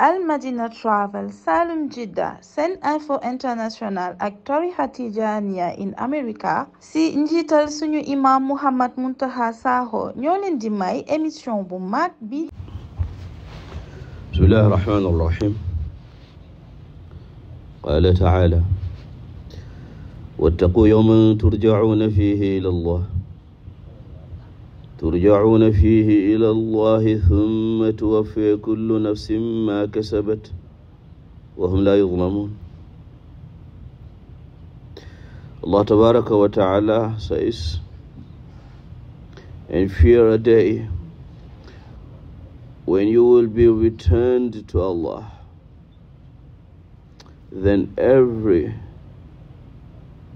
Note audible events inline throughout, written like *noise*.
al madina travel salum jidda sen info international ak tarixa tijaniya in america si njiital suñu imam Mouhamed Muntaha Sakho ñoo leen di may émission bu mag bi bismillahi rahmani rahim qala taala wattaqu yawman turjacuuna fihi ila allah turjacuuna fiihi ila allahi summa tuwaffee kullu nafsin maa kasabat wa hum laa yuzlamuun allah tabaraka wa taala says and fear a day when you will be returned to allah then every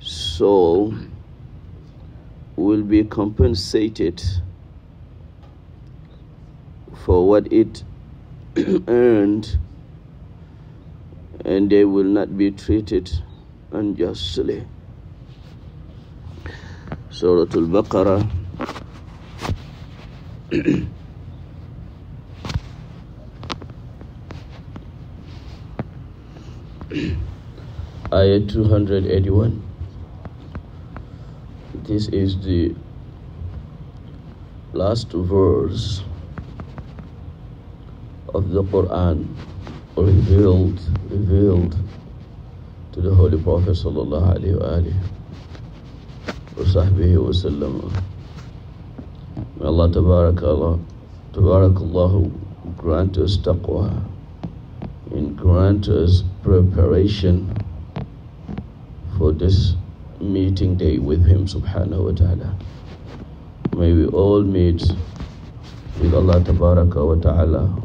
soul will be compensated for what it *clears throat* earned, and they will not be treated unjustly. Surah Al Baqarah. last verse of Quran revealed, to the Holy Prophet sallallahu alayhi wa alihi wa sahbihi wa sallam. Allah grant us taqwa and grant us preparation for this meeting day with him subhanahu wa ta'ala. May Allah tabaraka wa ta'ala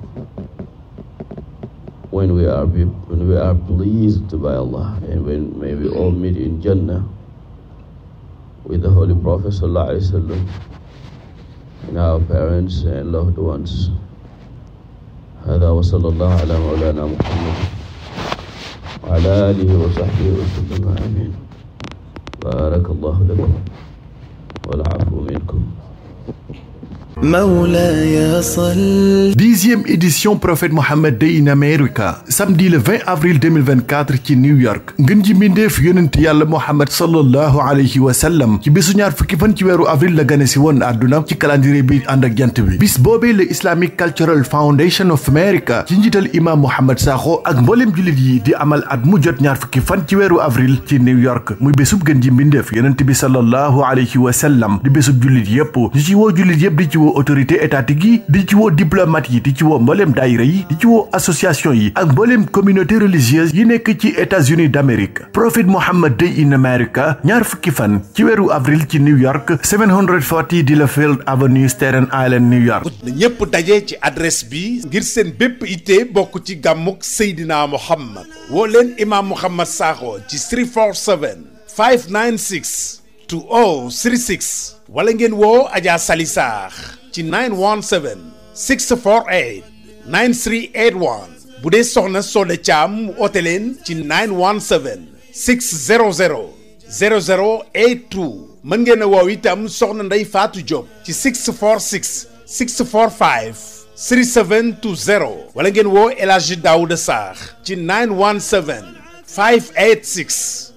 when we are when we are pleased by Allah and when may we all meet in Jannah with the Holy Prophet sallallahu alaihi wasallam and our parents and loved ones. هذا وصلى الله على مولانا محمد وعلى آله وصحبه وسلم آمين بارك الله لكم والعفو منكم Mawlaya Sall. dixième édition Prophet Muhammad Day in America samedi le 20 avril 2024 ci New York ngën ji mbindeef yonent yàlla Muhammad sallallahu alayhi wa sallam ci besu ñaar fukki fan ci weeru avril la gane si woon àdduna ci calendrier bi ànd ak jant bi bis boobee le Islamic Cultural Foundation of America ci njiital imaam Mouhamed Sakho ak mboolem jullit yi di amal at mu jot ñaar fukki fan ci weeru avril ci New York muy bésub gën ji mbindeef yonent bi sallallahu alayhi wa sallam di bésub jullit ci woo jullit yépp di woo autorité yi di ci woo diplomate yi yi nekk ci États-Unis d'Amérique Prophet Muhammad in America ñaar fukki fan ci weeru avril ci New York 740 Delafield Avenue Staten Island New York na ñépp daje ci adresse bi ngir seen bépp ité bokk ci gàmmuk Seydina Muhammad woo leen imaam Muhammad Sakho ci 347 596 2036 wala ngeen woo Adja Sali Sarr ci 917 648 9381 bu dee soxna Sode Thiam oote leen ci 917 600 0082 mën ngeen a woow itam soxna Ndeye Fatou Diop ci sri 646 645 3720 wala ngeen woo El Hadji Daouda Sarr ci 917 586